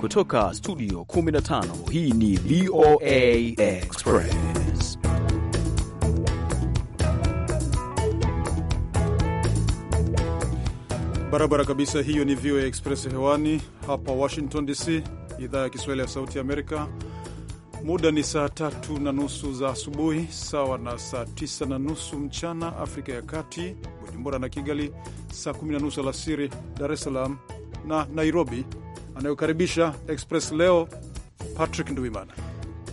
Kutoka studio 15 hii ni VOA Express. Barabara kabisa, hiyo ni VOA Express hewani hapa Washington DC, idhaa ya Kiswahili ya Sauti Amerika. Muda ni saa tatu na nusu za asubuhi, sawa na saa tisa na nusu mchana Afrika ya Kati, Bujumbura na Kigali, saa kumi na nusu alasiri Dar es Salaam na Nairobi anayokaribisha Express leo Patrick Ndwimana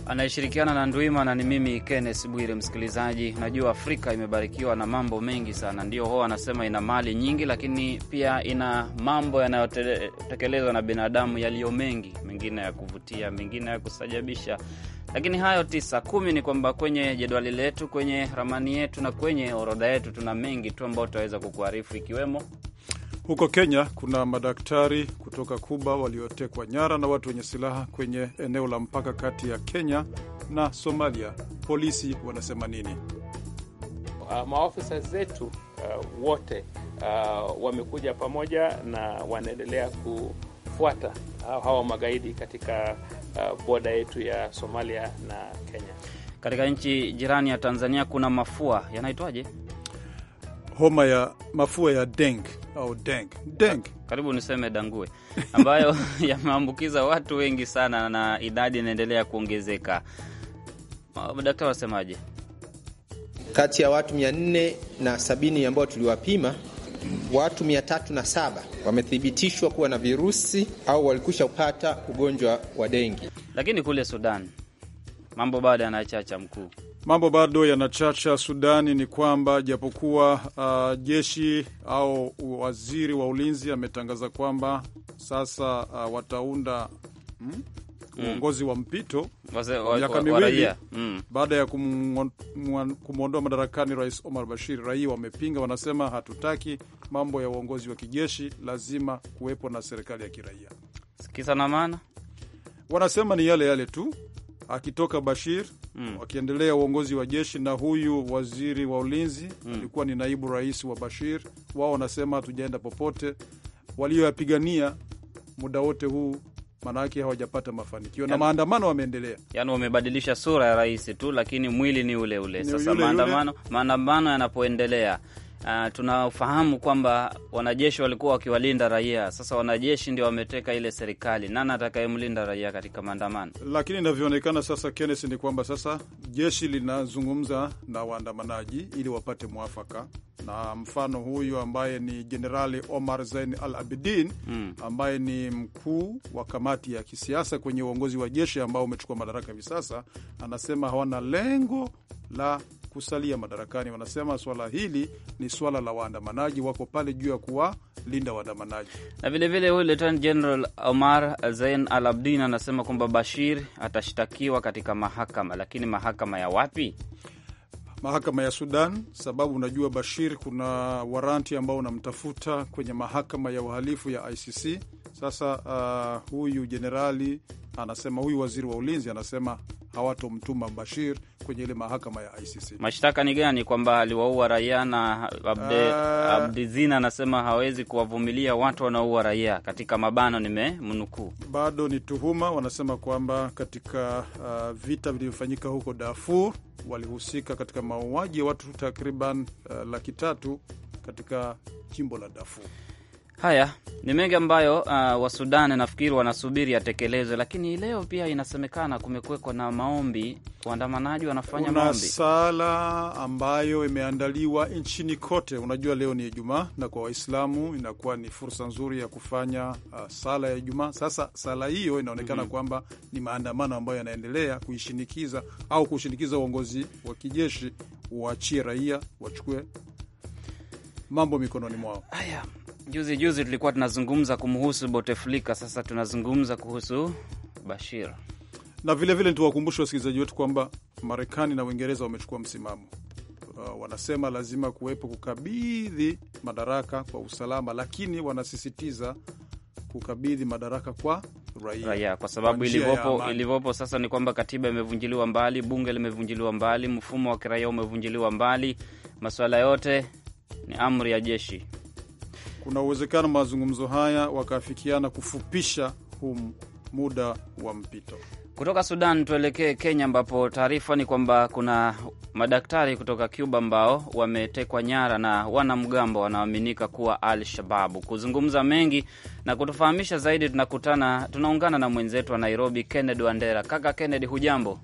anayeshirikiana na Ndwimana ni mimi Kenneth Bwire. Msikilizaji, najua Afrika imebarikiwa na mambo mengi sana, ndio ho anasema ina mali nyingi, lakini pia ina mambo yanayotekelezwa na binadamu yaliyo mengi, mengine ya kuvutia, mengine ya kusajabisha. Lakini hayo tisa kumi ni kwamba kwenye jedwali letu, kwenye ramani yetu na kwenye orodha yetu tuna mengi tu ambayo tutaweza kukuarifu, ikiwemo huko Kenya kuna madaktari kutoka Kuba waliotekwa nyara na watu wenye silaha kwenye eneo la mpaka kati ya Kenya na Somalia. Polisi wanasema nini? Uh, maofisa zetu uh, wote uh, wamekuja pamoja na wanaendelea kufuata uh, hawa magaidi katika uh, boda yetu ya Somalia na Kenya. Katika nchi jirani ya Tanzania kuna mafua yanaitwaje? homa ya mafua ya deng au deng deng, karibu niseme dangue, ambayo yameambukiza watu wengi sana na idadi inaendelea kuongezeka. Daktari wasemaje? Kati ya watu sabini ambao tuliwapima watu saba wamethibitishwa kuwa na virusi au walikusha kupata ugonjwa wa dengi. Lakini kule Sudan mambo bado yanachacha mkuu Mambo bado yanachacha Sudani ni kwamba japokuwa uh, jeshi au waziri wa ulinzi ametangaza kwamba sasa uh, wataunda hmm? hmm. uongozi wa mpito miaka miwili mm. baada ya kumwondoa madarakani Rais Omar Bashir. Raia wamepinga, wanasema hatutaki mambo ya uongozi wa kijeshi, lazima kuwepo na serikali ya kiraia. Sikiza na maana, wanasema ni yale yale tu, akitoka Bashir mm. wakiendelea uongozi wa jeshi, na huyu waziri wa ulinzi mm. alikuwa ni naibu rais wa Bashir. Wao wanasema hatujaenda popote, walioyapigania muda wote huu maanake hawajapata mafanikio yani, na maandamano wameendelea. Yani wamebadilisha sura ya rais tu, lakini mwili ni ule ule. Sasa maandamano maandamano yanapoendelea Uh, tunafahamu kwamba wanajeshi walikuwa wakiwalinda raia. Sasa wanajeshi ndio wameteka ile serikali, nani atakayemlinda raia katika maandamano? Lakini inavyoonekana sasa, Kenneth, ni kwamba sasa jeshi linazungumza na waandamanaji ili wapate mwafaka, na mfano huyu ambaye ni Jenerali Omar Zain Al Abidin mm, ambaye ni mkuu wa kamati ya kisiasa kwenye uongozi wa jeshi ambao umechukua madaraka hivi sasa, anasema hawana lengo la kusalia madarakani. Wanasema swala hili ni swala la waandamanaji, wako pale juu ya kuwalinda waandamanaji. Na vilevile huyu Lieutenant General Omar Zain Al Abdin anasema kwamba Bashir atashtakiwa katika mahakama, lakini mahakama ya wapi? Mahakama ya Sudan, sababu unajua Bashir kuna waranti ambao unamtafuta kwenye mahakama ya uhalifu ya ICC sasa uh, huyu jenerali anasema, huyu waziri wa ulinzi anasema hawatomtuma Bashir kwenye ile mahakama ya ICC. Mashtaka ni gani? Kwamba aliwaua raia na Abde, uh, Abdizina anasema hawezi kuwavumilia watu wanaoua raia, katika mabano nimemnukuu. Bado ni tuhuma, wanasema kwamba katika uh, vita vilivyofanyika huko Darfur walihusika katika mauaji ya watu takriban uh, laki tatu katika jimbo la Darfur. Haya ni mengi ambayo uh, Wasudan nafikiri wanasubiri yatekelezwe, lakini leo pia inasemekana kumekwekwa na maombi, waandamanaji wanafanya kuna maombi, sala ambayo imeandaliwa nchini kote. Unajua leo ni Ijumaa na kwa Waislamu inakuwa ni fursa nzuri ya kufanya uh, sala ya Ijumaa. Sasa sala hiyo inaonekana mm -hmm. kwamba ni maandamano ambayo yanaendelea kuishinikiza au kushinikiza uongozi wa kijeshi wachie raia wachukue mambo mikononi mwao. Haya. Juzi juzi tulikuwa tunazungumza kumhusu Boteflika, sasa tunazungumza kuhusu Bashir na vilevile tuwakumbushe wasikilizaji wetu kwamba Marekani na Uingereza wamechukua msimamo uh, wanasema lazima kuwepo kukabidhi madaraka kwa usalama, lakini wanasisitiza kukabidhi madaraka kwa raia, raia kwa sababu ilivyopo ilivyopo sasa ni kwamba katiba imevunjiliwa mbali, bunge limevunjiliwa mbali, mfumo wa kiraia umevunjiliwa mbali, masuala yote ni amri ya jeshi kuna uwezekano mazungumzo haya wakaafikiana kufupisha huu muda wa mpito. Kutoka Sudan tuelekee Kenya, ambapo taarifa ni kwamba kuna madaktari kutoka Cuba ambao wametekwa nyara na wanamgambo wanaoaminika kuwa Al Shababu. Kuzungumza mengi na kutufahamisha zaidi, tunakutana tunaungana na mwenzetu wa Nairobi, Kennedy Wandera. Kaka Kennedy, hujambo?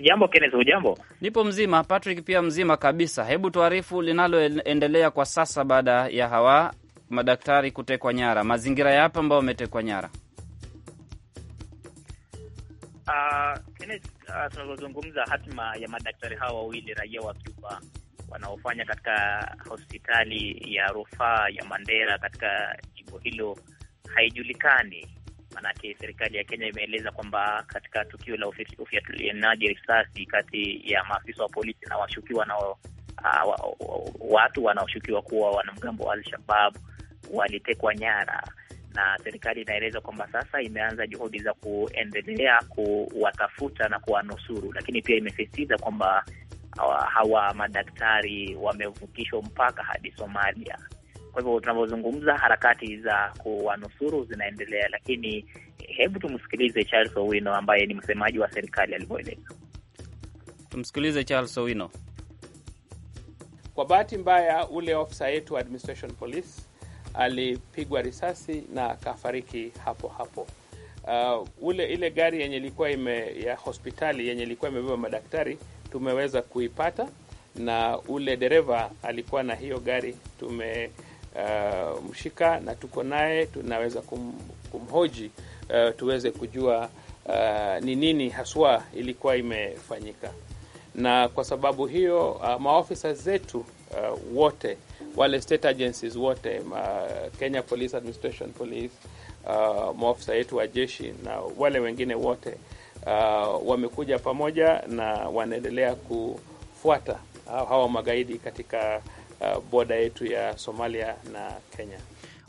Jambo Kenes, hujambo? Nipo mzima, Patrick pia mzima kabisa. Hebu tuarifu linaloendelea kwa sasa baada ya hawa madaktari kutekwa nyara, mazingira yapo ambayo wametekwa nyara. Uh, ah, Kenes, uh, ah, tunavyozungumza hatima ya madaktari hawa wawili raia wa Cuba wanaofanya katika hospitali ya rufaa ya Mandera katika jimbo hilo haijulikani Maanake serikali ya Kenya imeeleza kwamba katika tukio la ufyatulianaji risasi kati ya maafisa wa polisi na washukiwa na uh, watu wanaoshukiwa kuwa wanamgambo wa Al-Shabab walitekwa nyara na serikali inaeleza kwamba sasa imeanza juhudi za kuendelea kuwatafuta na kuwanusuru, lakini pia imesisitiza kwamba hawa madaktari wamevukishwa mpaka hadi Somalia. Kwa hivyo tunavyozungumza, harakati za kuwanusuru zinaendelea, lakini hebu tumsikilize Charles Owino ambaye ni msemaji wa serikali alivyoeleza. Tumsikilize Charles Owino. Kwa bahati mbaya, ule ofisa yetu wa administration police alipigwa risasi na akafariki hapo hapo. Uh, ule ile gari yenye ilikuwa ime ya hospitali yenye ilikuwa imebeba madaktari tumeweza kuipata, na ule dereva alikuwa na hiyo gari tume uh, mshika na tuko naye, tunaweza kum, kumhoji uh, tuweze kujua eh, ni uh, nini haswa ilikuwa imefanyika. Na kwa sababu hiyo uh, maofisa zetu uh, wote wale state agencies wote ma Kenya Police Administration Police uh, maofisa yetu wa jeshi na wale wengine wote uh, wamekuja pamoja na wanaendelea kufuata hawa magaidi katika uh, boda yetu ya Somalia na Kenya.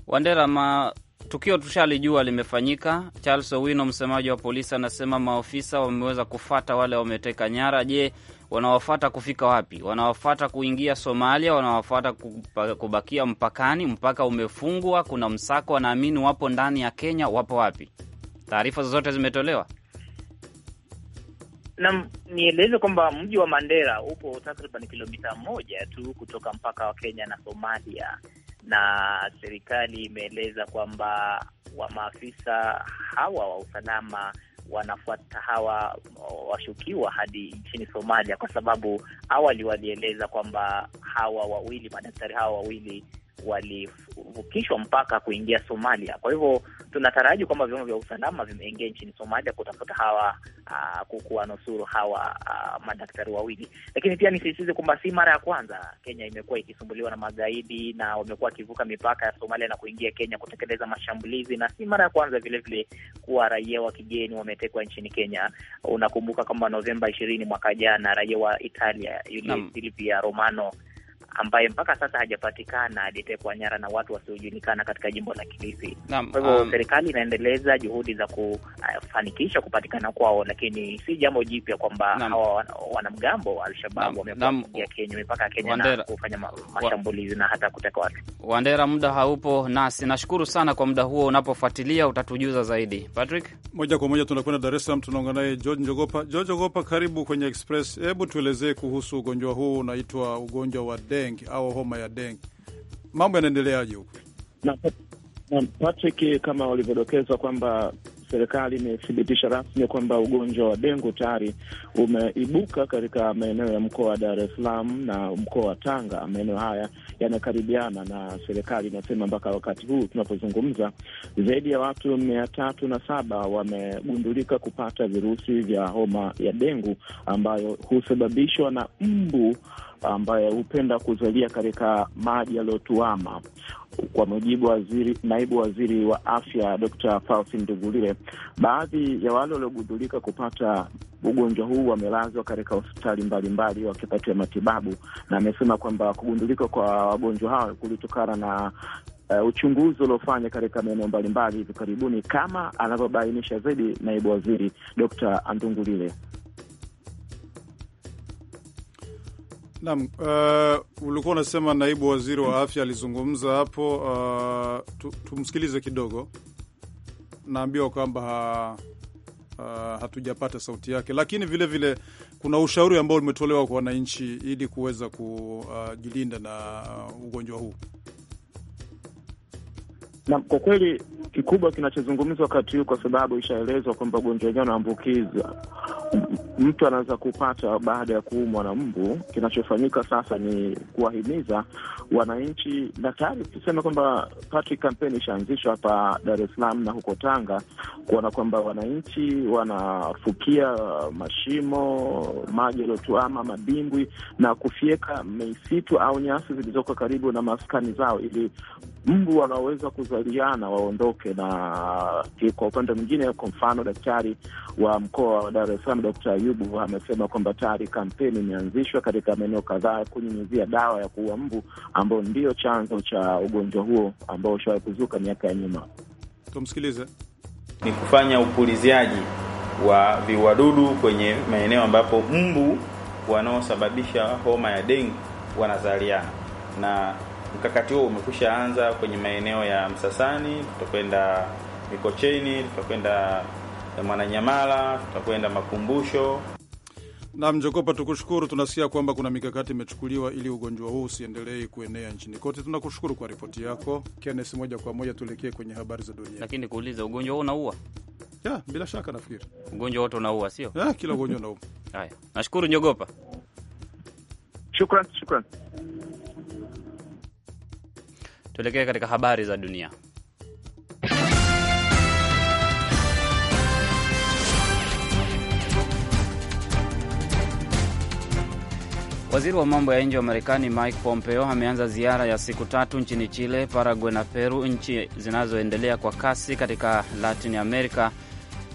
Wandera, ma tukio tushalijua limefanyika. Charles Owino, msemaji wa polisi, anasema maofisa wameweza kufata wale wameteka nyara. Je, wanawafata kufika wapi? Wanawafata kuingia Somalia, wanawafata kubakia mpakani, mpaka umefungwa, kuna msako, wanaamini wapo ndani ya Kenya. Wapo wapi? Taarifa zozote zimetolewa? na nieleze kwamba mji wa Mandera upo takriban kilomita moja tu kutoka mpaka wa Kenya na Somalia, na serikali imeeleza kwamba wa maafisa hawa wa usalama wanafuata hawa washukiwa hadi nchini Somalia, kwa sababu awali walieleza kwamba hawa wawili madaktari hawa wawili walivukishwa mpaka kuingia Somalia. Kwa hivyo tunataraji kwamba vyombo vya usalama vimeingia nchini Somalia kutafuta hawa uh, kuwanusuru hawa uh, madaktari wawili. Lakini pia nisisitize kwamba si mara ya kwanza Kenya imekuwa ikisumbuliwa na magaidi na wamekuwa wakivuka mipaka ya Somalia na kuingia Kenya kutekeleza mashambulizi, na si mara ya kwanza vilevile kuwa raia wa kigeni wametekwa nchini Kenya. Unakumbuka kwamba Novemba ishirini mwaka jana raia wa Italia yule Silvia Romano ambaye mpaka sasa hajapatikana, alitekwa nyara na watu wasiojulikana katika jimbo la Kilifi. Kwa hivyo um, serikali inaendeleza juhudi za kufanikisha uh, kupatikana kwao, lakini si jambo jipya kwamba hawa wanamgambo wa Alshabab shabaab Kenya, mipaka ya Kenya na kufanya mashambulizi na hata kuteka watu. Wandera, muda haupo nasi, nashukuru sana kwa muda huo. Unapofuatilia utatujuza zaidi. Patrick, moja kwa moja tunakwenda Dar es Salaam, tunaongea naye George Njogopa. George Njogopa, karibu kwenye Express. Hebu tuelezee kuhusu ugonjwa huu unaitwa ugonjwa wa dengue dengue au homa ya dengue. Mambo yanaendeleaje huko? Na Patrick, kama walivyodokeza kwamba serikali imethibitisha rasmi kwamba ugonjwa wa dengu tayari umeibuka katika maeneo ya mkoa wa Dar es Salaam na mkoa wa Tanga. Maeneo haya yanakaribiana, na serikali inasema mpaka wakati huu tunapozungumza, zaidi ya watu mia tatu na saba wamegundulika kupata virusi vya homa ya dengu ambayo husababishwa na mbu ambaye hupenda kuzalia katika maji yaliyotuama. Kwa mujibu waziri, naibu waziri wa afya Dkt. Faustin Ndugulile, baadhi ya wale waliogundulika kupata ugonjwa huu wamelazwa katika hospitali mbalimbali wakipatiwa matibabu, na amesema kwamba kugundulika kwa wagonjwa hao kulitokana na Uh, uchunguzi uliofanya katika maeneo mbalimbali hivi karibuni, kama anavyobainisha zaidi naibu waziri Dr. Andungulile. Naam, uh, ulikuwa unasema naibu waziri wa afya alizungumza hapo. Uh, tumsikilize kidogo. Naambiwa kwamba uh, hatujapata sauti yake, lakini vilevile vile, kuna ushauri ambao umetolewa kwa wananchi ili kuweza kujilinda na ah, ugonjwa huu. Na kwa kweli kikubwa kinachozungumzwa wakati huu, kwa sababu ishaelezwa kwamba ugonjwa wenyewe unaambukiza mtu anaweza kupata baada ya kuumwa na mbu. Kinachofanyika sasa ni kuwahimiza wananchi, na tayari tuseme kwamba Patrick kampeni ishaanzishwa hapa Dar es Salaam na huko Tanga, kuona kwamba wananchi wanafukia mashimo, maji yaliyotuama, madimbwi na kufyeka misitu au nyasi zilizoko karibu na maskani zao ili mbu wanaoweza kuzaliana waondoke. Na kwa upande mwingine, kwa mfano daktari wa mkoa wa Dar es Salaam Salaam Dkt. Ayubu amesema kwamba tayari kampeni imeanzishwa katika maeneo kadhaa ya kunyunyizia dawa ya kuua mbu ambao ndio chanzo cha ugonjwa huo ambao ushawahi kuzuka miaka ya nyuma. Tumsikilize. Ni kufanya upuliziaji wa viwadudu kwenye maeneo ambapo mbu wanaosababisha homa ya dengue wanazaliana, na mkakati huo umekusha anza kwenye maeneo ya Msasani, tutakwenda Mikocheni, tutakwenda ya Mwananyamala, tutakwenda makumbusho na Mjokopa. Tukushukuru, tunasikia kwamba kuna mikakati imechukuliwa ili ugonjwa huu usiendelei kuenea nchini kote. Tunakushukuru kwa ripoti yako Kenes. Moja kwa moja tuelekee kwenye habari za dunia. Lakini kuuliza ugonjwa huu unaua? Ya, bila shaka nafikiri ugonjwa wote unaua, sio? Ya, kila ugonjwa unaua. Haya, nashukuru Njogopa. Shukran, shukran. Tuelekee katika habari za dunia. Waziri wa mambo ya nje wa Marekani Mike Pompeo ameanza ziara ya siku tatu nchini Chile, Paraguay na Peru, nchi zinazoendelea kwa kasi katika Latin America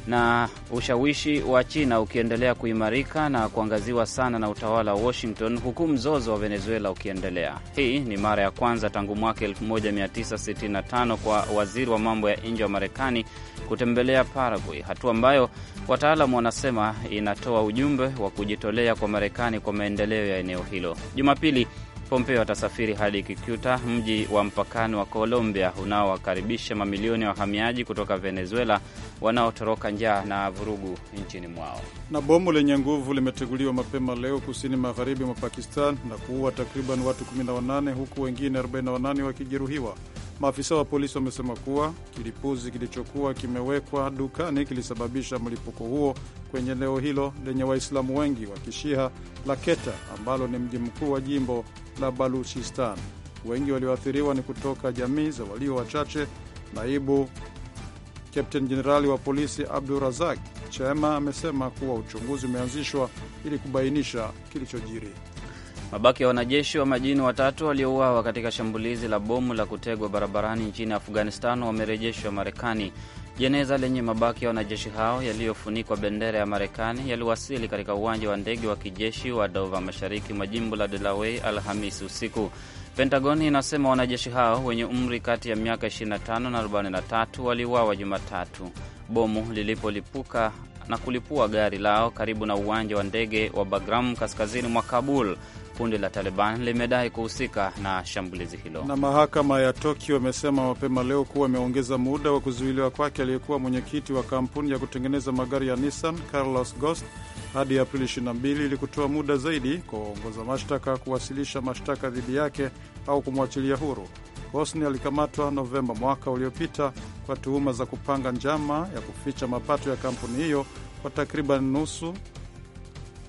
na ushawishi wa China ukiendelea kuimarika na kuangaziwa sana na utawala wa Washington, huku mzozo wa Venezuela ukiendelea. Hii ni mara ya kwanza tangu mwaka 1965 kwa waziri wa mambo ya nje wa Marekani kutembelea Paraguay, hatua ambayo wataalamu wanasema inatoa ujumbe wa kujitolea kwa Marekani kwa maendeleo ya eneo hilo. Jumapili Pompeo atasafiri hadi Kikuta, mji wa mpakani wa Colombia unaowakaribisha mamilioni ya wahamiaji kutoka Venezuela wanaotoroka njaa na vurugu nchini mwao. Na bomu lenye nguvu limeteguliwa mapema leo kusini magharibi mwa Pakistan na kuua takriban watu 18 huku wengine 48 wakijeruhiwa. Maafisa wa polisi wamesema kuwa kilipuzi kilichokuwa kimewekwa dukani kilisababisha mlipuko huo kwenye eneo hilo lenye Waislamu wengi wa Kishia la Keta ambalo ni mji mkuu wa jimbo la Baluchistan. Wengi walioathiriwa ni kutoka jamii za walio wachache. Naibu Kapteni Jenerali wa polisi Abdurazak Chema amesema kuwa uchunguzi umeanzishwa ili kubainisha kilichojiri. Mabaki ya wanajeshi wa majini watatu waliouawa katika shambulizi la bomu la kutegwa barabarani nchini Afghanistan wamerejeshwa Marekani. Jeneza lenye mabaki ya wanajeshi hao yaliyofunikwa bendera ya Marekani yaliwasili katika uwanja wa ndege wa kijeshi wa Dover, mashariki mwa jimbo la Delaware Alhamisi usiku. pentagon inasema wanajeshi hao wenye umri kati ya miaka 25 na 43 waliuawa Jumatatu bomu lilipolipuka na kulipua gari lao karibu na uwanja wa ndege wa Bagram kaskazini mwa Kabul. Kundi la Taliban limedai kuhusika na shambulizi hilo. Na mahakama ya Tokyo imesema mapema leo kuwa imeongeza muda wa kuzuiliwa kwake aliyekuwa mwenyekiti wa kampuni ya kutengeneza magari ya Nissan Carlos Ghosn hadi Aprili 22 ili kutoa muda zaidi kwa waongoza mashtaka kuwasilisha mashtaka dhidi yake au kumwachilia huru. Ghosn alikamatwa Novemba mwaka uliopita kwa tuhuma za kupanga njama ya kuficha mapato ya kampuni hiyo kwa takriban nusu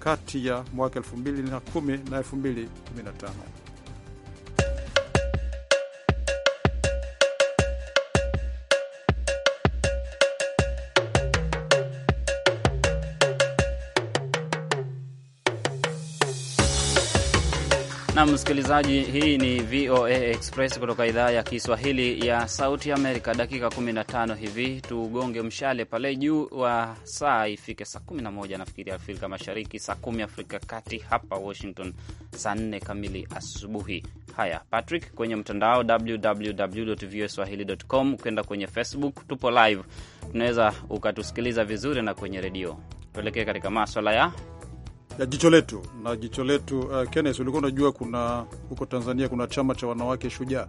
kati ya mwaka 2010 na 2015. na msikilizaji, hii ni VOA Express kutoka idhaa ya Kiswahili ya Sauti Amerika. Dakika 15 hivi tugonge mshale pale juu wa saa ifike saa 11 nafikiri Afrika Mashariki, saa kumi Afrika Kati, hapa Washington saa 4 kamili asubuhi. Haya, Patrick, kwenye mtandao www.voaswahili.com, ukenda kwenye Facebook tupo live, unaweza ukatusikiliza vizuri na kwenye redio. Tuelekee katika maswala ya ya jicho letu na jicho letu. Uh, Kenneth, ulikuwa unajua kuna huko Tanzania kuna chama cha wanawake shujaa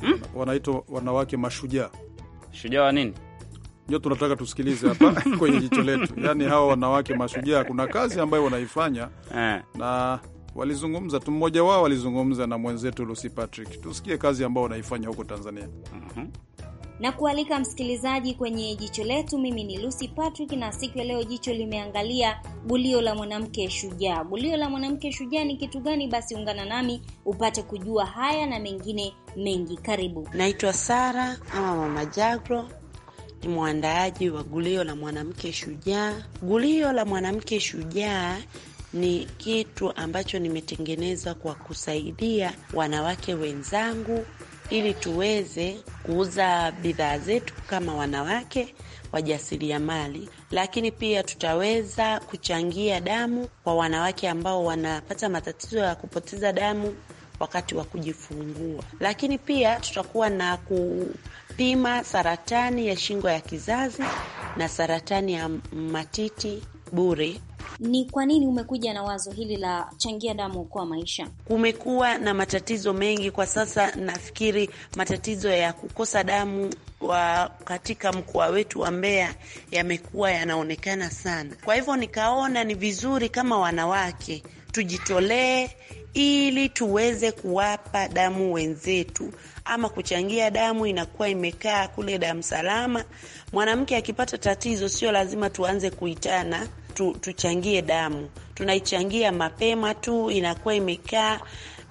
hmm? Wanaitwa wanawake mashujaa. Shujaa wa nini? Ndio tunataka tusikilize hapa kwenye jicho letu. Yaani hawa wanawake mashujaa kuna kazi ambayo wanaifanya eh. na walizungumza tu, mmoja wao alizungumza na mwenzetu Lucy Patrick. Tusikie kazi ambayo wanaifanya huko Tanzania. mm -hmm na kualika msikilizaji kwenye jicho letu. Mimi ni Lucy Patrick, na siku ya leo jicho limeangalia gulio la mwanamke shujaa. Gulio la mwanamke shujaa ni kitu gani? Basi ungana nami upate kujua haya na mengine mengi. Karibu. Naitwa Sara ama Mama Jagro, ni mwandaaji wa gulio la mwanamke shujaa. Gulio la mwanamke shujaa ni kitu ambacho nimetengeneza kwa kusaidia wanawake wenzangu ili tuweze kuuza bidhaa zetu kama wanawake wajasiriamali, lakini pia tutaweza kuchangia damu kwa wanawake ambao wanapata matatizo ya kupoteza damu wakati wa kujifungua, lakini pia tutakuwa na kupima saratani ya shingo ya kizazi na saratani ya matiti bure ni kwa nini umekuja na wazo hili la changia damu kwa maisha? Kumekuwa na matatizo mengi kwa sasa, nafikiri matatizo ya kukosa damu wa katika mkoa wetu wa Mbeya yamekuwa yanaonekana sana. Kwa hivyo nikaona ni vizuri kama wanawake tujitolee ili tuweze kuwapa damu wenzetu, ama kuchangia damu. Inakuwa imekaa kule damu salama. Mwanamke akipata tatizo, sio lazima tuanze kuitana tu, tuchangie damu. Tunaichangia mapema tu, inakuwa imekaa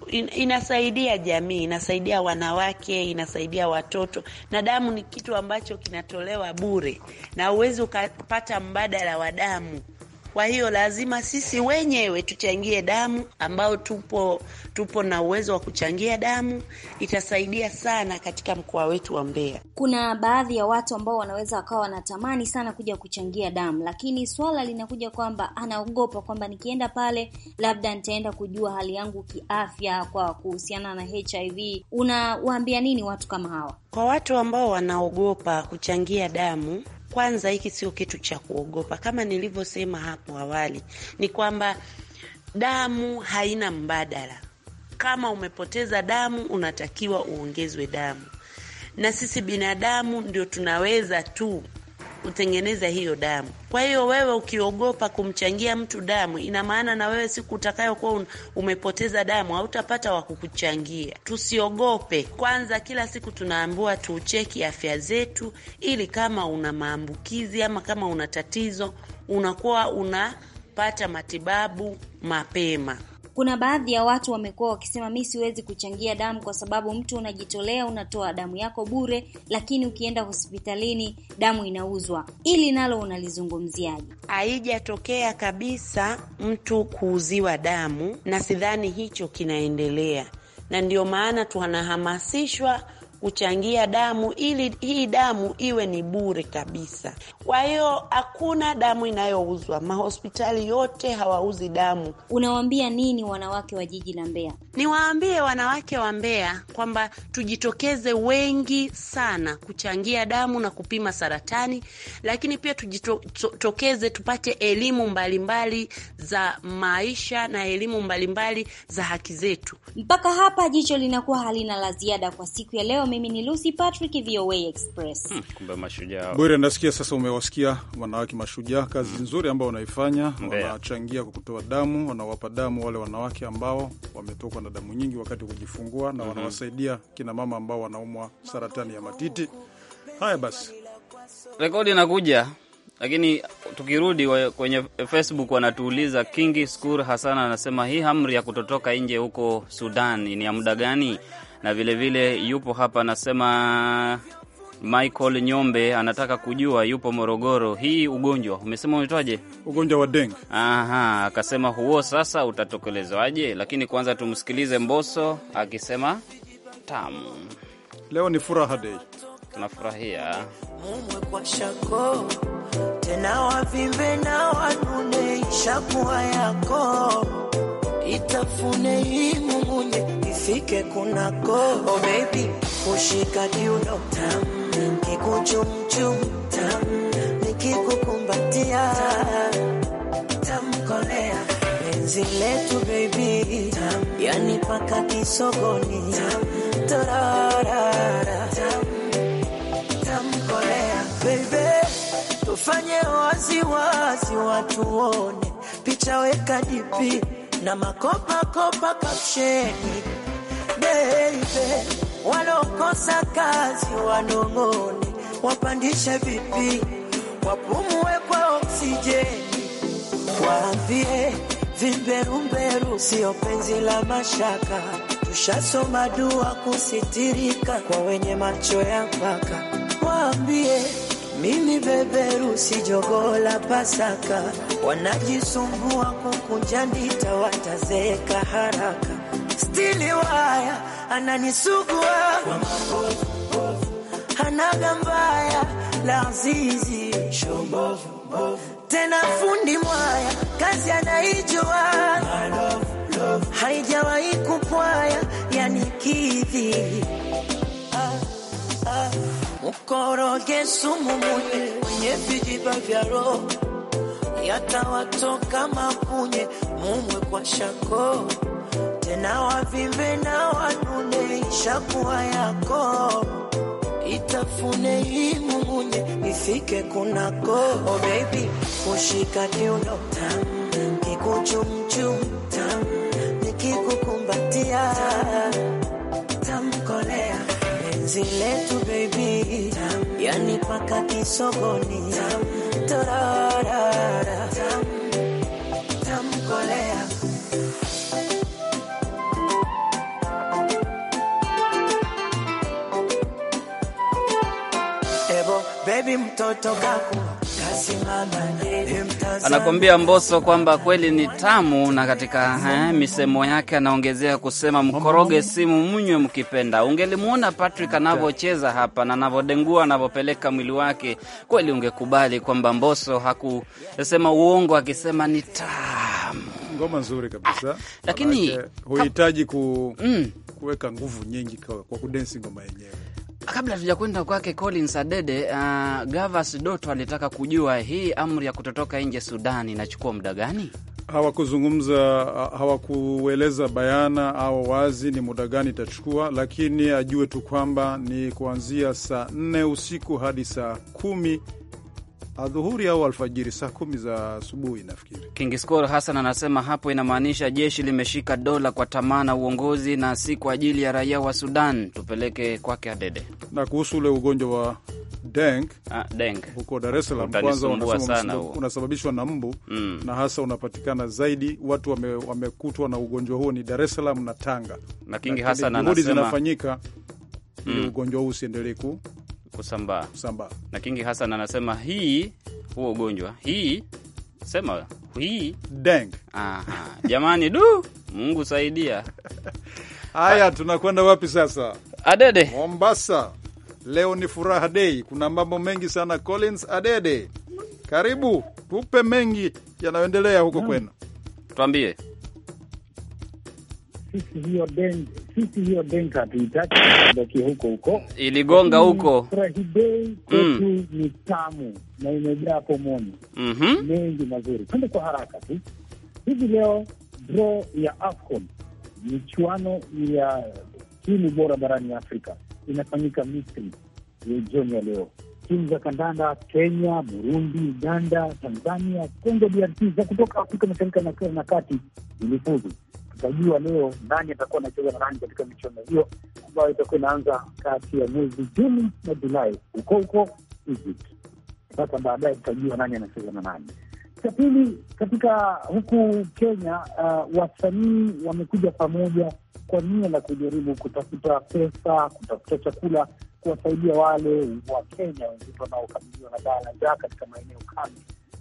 in, inasaidia jamii, inasaidia wanawake, inasaidia watoto. Na damu ni kitu ambacho kinatolewa bure, na huwezi ukapata mbadala wa damu. Kwa hiyo lazima sisi wenyewe tuchangie damu, ambao tupo tupo na uwezo wa kuchangia damu, itasaidia sana katika mkoa wetu wa Mbeya. Kuna baadhi ya watu ambao wanaweza wakawa wanatamani sana kuja kuchangia damu, lakini swala linakuja kwamba anaogopa kwamba nikienda pale labda nitaenda kujua hali yangu kiafya kwa kuhusiana na HIV. Unawaambia nini watu kama hawa? Kwa watu ambao wanaogopa kuchangia damu kwanza hiki sio kitu cha kuogopa, kama nilivyosema hapo awali, ni kwamba damu haina mbadala. Kama umepoteza damu, unatakiwa uongezwe damu, na sisi binadamu ndio tunaweza tu kutengeneza hiyo damu. Kwa hiyo wewe ukiogopa kumchangia mtu damu, ina maana na wewe siku utakayokuwa umepoteza damu hautapata wa kukuchangia. Tusiogope kwanza, kila siku tunaambiwa tucheki afya zetu, ili kama una maambukizi ama kama una tatizo unakuwa unapata matibabu mapema. Kuna baadhi ya watu wamekuwa wakisema mi siwezi kuchangia damu kwa sababu mtu unajitolea, unatoa damu yako bure, lakini ukienda hospitalini damu inauzwa. Ili nalo unalizungumziaje? Haijatokea kabisa mtu kuuziwa damu, na sidhani hicho kinaendelea, na ndio maana tunahamasishwa kuchangia damu ili hii damu iwe ni bure kabisa. Kwa hiyo hakuna damu inayouzwa, mahospitali yote hawauzi damu. Unawaambia nini wanawake wa jiji la Mbeya? Niwaambie wanawake wa Mbeya kwamba tujitokeze wengi sana kuchangia damu na kupima saratani, lakini pia tujitokeze tupate elimu mbalimbali za maisha na elimu mbalimbali za haki zetu. Mpaka hapa jicho linakuwa halina la ziada kwa siku ya leo. Mimi ni Lucy Patrick, VOA Express. Hmm, kumbe mashujaa Bwire, nasikia sasa umewasikia wanawake mashujaa, kazi hmm. nzuri ambao wanaifanya, wanachangia kwa kutoa damu, wanawapa damu wale wanawake ambao wametokwa na damu nyingi wakati wa kujifungua na mhm. wanawasaidia kina mama ambao wanaumwa saratani ya matiti. Haya basi, rekodi inakuja lakini tukirudi kwenye Facebook wanatuuliza, Kingi Skur Hasana anasema hii amri ya kutotoka nje huko Sudan ni ya muda gani? na vilevile vile yupo hapa anasema Michael Nyombe anataka kujua yupo Morogoro. Hii ugonjwa umesema unaitwaje? Ugonjwa wa dengue. Aha, akasema huo sasa utatokelezwaje? Lakini kwanza tumsikilize Mboso akisema tamu. Leo ni furaha dei, tunafurahia mumwe kwa shako tena wavimbe na wanune shakuwa yako itafune imungunye ifike kunako oh baby kushika kiuno tam kikuchumchum tam nikikukumbatia kolea penzi letu baby tam yani paka kisogoni tam torarara tam tamkolea baby tufanye waziwazi watuone picha weka dipi na makopa kopa kapsheni baby, walokosa kazi wanong'one, wapandishe vipi, wapumue kwa oksijeni, waambie vimberumberu sio penzi la mashaka, tushasoma dua kusitirika kwa wenye macho ya mpaka, waambie mimi beberu si jogola Pasaka, wanajisumbua kukunja nitawatazeka haraka, stili waya ananisugua hanaga mbaya la tena fundi mwaya kazi anaijua haijawahi kupwaya yanikidhi ah, ah mukoroge sumu munye mwenye vijiba vya roho yatawatoka mapunye mumwe kwa shako tena wavimbe na wanune ishakuwa yako itafune hii mumunye ifike kunako oh baby kushika kiuno kikuchumchum nikikukumbatia tamkolea enzi letu anipaka kisogoni torarara tamkolea ebo bebi mtoto kaku anakuambia Mboso kwamba kweli ni tamu, na katika eh, misemo yake anaongezea kusema mkoroge simu mnywe mkipenda. Ungelimwona Patrick anavyocheza hapa na anavyodengua, anavyopeleka mwili wake, kweli ungekubali kwamba Mboso hakusema uongo akisema ni tamu. Ngoma nzuri kabisa, ah, lakini huhitaji mm. kuweka nguvu nyingi kwa kudensi ngoma yenyewe. Kabla kwenda kwake Collins Adede, uh, Gavas Doto alitaka kujua hii amri ya kutotoka nje Sudani inachukua muda gani? Hawakuzungumza, uh, hawakueleza bayana au wazi ni muda gani itachukua, lakini ajue tu kwamba ni kuanzia saa nne usiku hadi saa kumi adhuhuri au alfajiri, saa kumi za asubuhi nafikiri. Kingiskor Hassan anasema hapo inamaanisha jeshi limeshika dola kwa tamaa na uongozi na si kwa ajili ya raia wa Sudan. Tupeleke kwake Adede. Na kuhusu ule ugonjwa wa Deng, ah, deng huko Dar es Salaam kwanza unasababishwa na mbu mm, na hasa unapatikana zaidi watu wame, wamekutwa na ugonjwa huo ni Dar es Salaam na Tanga, na Kingi Hassan anasema juhudi zinafanyika ili mm, ugonjwa huu usiendelee ku kusambaa kusambaa. Na Kingi Hasan anasema hii huo ugonjwa hii sema hii deng. Aha, jamani du, Mungu saidia. Haya, tunakwenda wapi sasa? Adede Mombasa, leo ni furaha dei, kuna mambo mengi sana. Collins Adede, karibu tupe mengi yanayoendelea huko hmm. kwenu, twambie sisi hiyo den, sisi hiyo den hatuitaki, bakie huko huko iligonga huko. friday mm. kwetu ni tamu na imejaa pomoni mengi mm mengi mazuri. Twende kwa haraka tu hivi leo, draw ya AFCON michuano ya timu bora barani Afrika inafanyika Misri jioni ya leo. Timu za kandanda Kenya, Burundi, Uganda, Tanzania, Kongo DRC za kutoka Afrika Mashariki na Kati zilifuzu tutajua leo nani atakuwa anacheza na nani katika michuano hiyo ambayo itakuwa inaanza kati ya mwezi Juni na Julai huko huko Egypt. Sasa baadaye tutajua nani anacheza na nani. Cha pili, katika huku Kenya, uh, wasanii wamekuja pamoja kwa nia la kujaribu kutafuta pesa, kutafuta chakula, kuwasaidia wale wa Kenya wenzetu wanaokabiliwa na baa la njaa katika maeneo kame.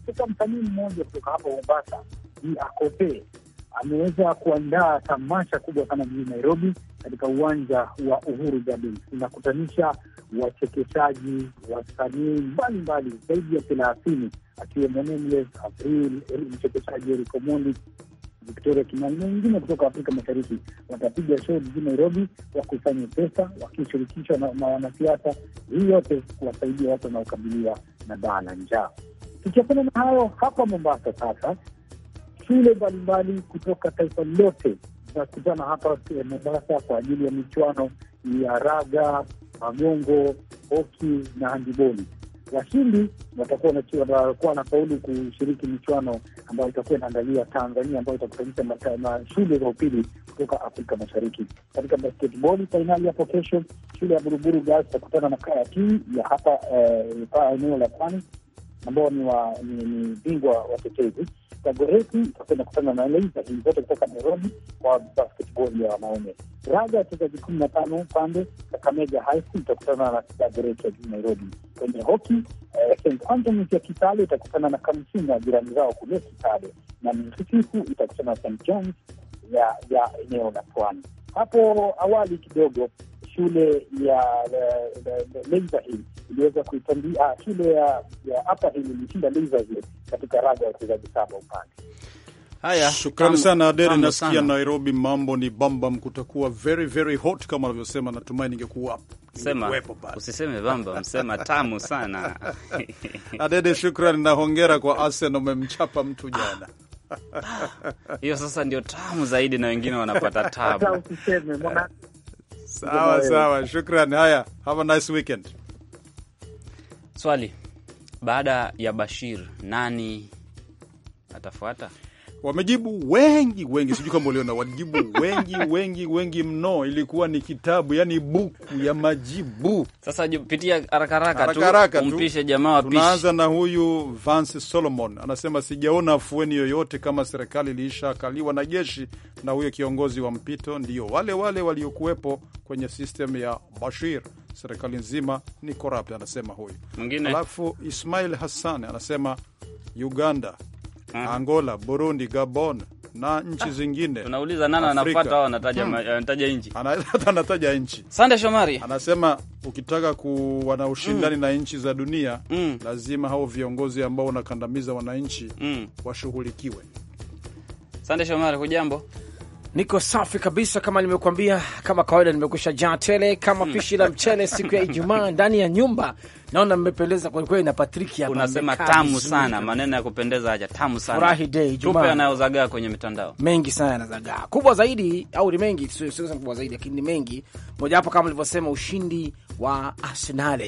Sasa msanii mmoja kutoka hapa Mombasa ni akopee ameweza kuandaa tamasha kubwa sana mjini Nairobi, katika uwanja wa Uhuru Gardens. Inakutanisha wachekeshaji, wasanii mbalimbali zaidi ya thelathini, akiwemo Nameless, April, mchekeshaji Eric Omondi, Victoria Kimani na wengine kutoka Afrika Mashariki watapiga show jijini Nairobi, wakusanye pesa wakishirikishwa na wanasiasa, hii yote kuwasaidia watu wanaokabiliwa na baa la njaa. Tukiachana na hayo, hapa Mombasa sasa shule mbalimbali kutoka taifa lote zinakutana hapa eh, Mombasa kwa ajili ya michuano ya raga, magongo, hoki na handiboli. Washindi watakuwa na faulu kushiriki michuano ambayo itakuwa inaangalia Tanzania, ambayo itakutanisha shule za upili kutoka Afrika Mashariki. Katika basketball, fainali hapo kesho, shule ya Buruburu Girls itakutana na Kaya ti ya hapa eh, eneo la Pwani ambao ni bingwa watetezi. Kagoreti itakwenda kufanya maelezo ya timu zote kutoka Nairobi kwa basketball ya wanaume. Raga wachezaji kumi na tano upande Kakamega High School itakutana na Kagoreti ya juu Nairobi. Kwenye hoki eh, St ya Kitale itakutana na kamsini ya jirani zao kule Kitale, na Msisifu itakutana na St Johns ya eneo la Pwani. Hapo awali kidogo shule ya Leisure iliweza kuitambia ah, shule ya Upper Hill ilishinda Leisure katika raga ya wachezaji saba upande. Haya, shukrani sana Adere. Nasikia Nairobi mambo ni bambam, kutakuwa very very hot kama anavyosema. Natumai ningekuwa sema, usiseme bamba, msema tamu sana Adede, shukrani na hongera kwa Arsenal, umemchapa mtu jana ah, ah. hiyo sasa ndio tamu zaidi, na wengine wanapata tabu Sawa sawa, shukran. Haya, have a nice weekend. Swali baada ya Bashir nani atafuata? wamejibu wengi wengi, sijui kama uliona, walijibu wengi wengi wengi mno. Ilikuwa ni kitabu, yani buku ya majibu. Sasa pitia haraka haraka tu, mpishe jamaa wapishe. Tunaanza na huyu Vance Solomon, anasema sijaona afueni yoyote kama serikali kaliwa na jeshi, na huyo kiongozi wa mpito ndio wale wale waliokuwepo kwenye system ya Bashir serikali nzima ni corrupt, anasema huyu. Mwingine alafu Ismail Hassan anasema Uganda Angola, Burundi, Gabon na nchi ah, zingine. Tunauliza nani anafuata, hmm. anataja nchi, anataja nchi. Sande Shomari anasema ukitaka kuwa na ushindani mm. na nchi za dunia mm. lazima hao viongozi ambao wanakandamiza wananchi mm. washughulikiwe. Sande Shomari, hujambo? Niko safi kabisa, kama nimekuambia, kama kawaida, nimekusha jaa tele kama hmm. pishi la mchele siku ya Ijumaa ndani ya nyumba. Naona mmependeza kwelikweli na Patrick unasema tamu sana, maneno ya kupendeza haja tamu sana. Furahi day Ijumaa, tupe yanayozagaa kwenye mitandao, mengi sana yanazagaa, kubwa zaidi au ni mengi, sio kubwa zaidi, lakini ni mengi. Mojawapo kama ulivyosema, ushindi wa Arsenal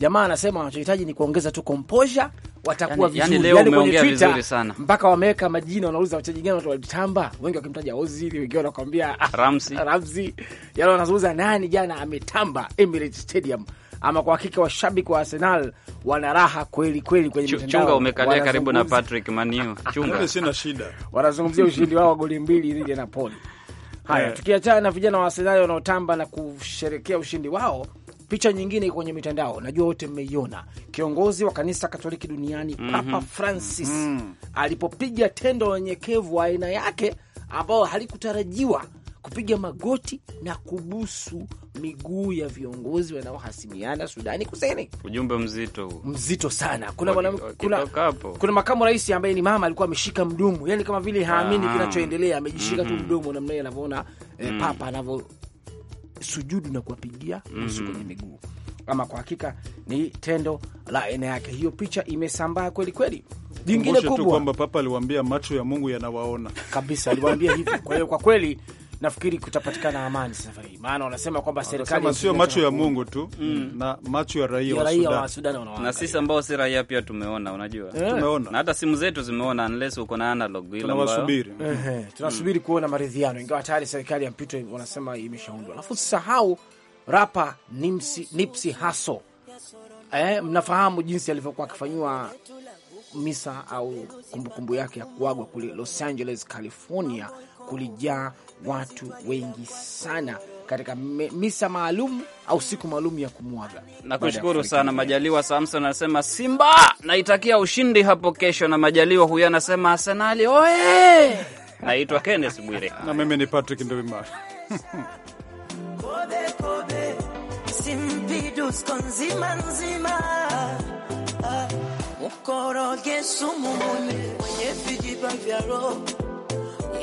Jamaa anasema wanachohitaji ni kuongeza tu composure, watakuwa yani, vizuri. Yani, yani kwenye Twitter sana mpaka wameweka majina, wanauliza wachezaji gani watu walitamba, wengi wakimtaja Ozil, wengi wanakuambia ah, Ramsey Ramsey, yale yaani wanazungumza nani jana ametamba Emirates Stadium. Ama kwa hakika washabiki wa Arsenal wana raha kweli kweli kwenye mitandao. Chunga umekalia karibu na Patrick Maniu. Chunga sina shida. Wanazungumzia ushindi wao wa goli mbili dhidi ya Napoli. Haya, eh. tukiachana na vijana wa Arsenal wanaotamba na kusherekea ushindi wao Picha nyingine kwenye mitandao, najua wote mmeiona, kiongozi wa kanisa Katoliki duniani mm -hmm. Papa Francis mm -hmm. alipopiga tendo la wa aina yake ambao halikutarajiwa kupiga magoti na kubusu miguu ya viongozi wanaohasimiana Sudani Kusini. Ujumbe mzito huu, mzito sana. Kuna, wana, kuna, kuna makamu rais ambaye ni mama alikuwa ameshika mdomo, yani kama vile haamini kinachoendelea, amejishika mm -hmm. tu mhm. mdomo namna anavyoona eh, mm -hmm. papa anavyo sujudu na kuwapigia mm -hmm. kwenye miguu. Ama kwa hakika ni tendo la aina yake. Hiyo picha imesambaa kweli kweli. Jingine kubwa kwamba Papa aliwaambia macho ya Mungu yanawaona kabisa, aliwaambia hivyo. Kwa hiyo kwa kweli nafikiri kutapatikana amani safari hii, maana wanasema kwamba serikali sio macho ya Mungu tu mm. mm, na macho ya raia wa Sudan, Sudan na sisi ambao si raia pia tumeona, unajua yeah, tumeona na hata simu zetu zimeona, unless uko na analog ile ambayo eh, eh. Mm. tunasubiri tunasubiri mm, kuona maridhiano, ingawa tayari serikali ya mpito wanasema imeshaundwa. Alafu sahau rapa Nipsey, Nipsey Hussle eh, mnafahamu jinsi alivyokuwa akifanywa misa au kumbukumbu kumbu yake ya kuagwa kule Los Angeles, California kulijaa watu wengi sana katika misa maalum au siku maalum ya kumwaga. Nakushukuru sana Majaliwa. Samson anasema Simba naitakia ushindi hapo kesho, na Majaliwa huyo anasema Arsenali oye. Naitwa Kenneth Bwire na mimi ni Patrick Nduimana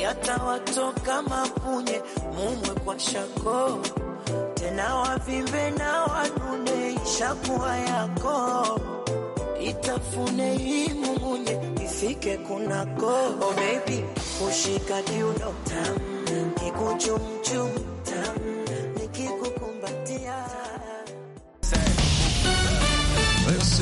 yatawatoka mapunye, mumwe kwa shako tena, wavimbe na wanune, ishakuwa yako itafune hii mumunye ifike kunako. Oh baby, kushika kiuno tam, kikuchumchum tam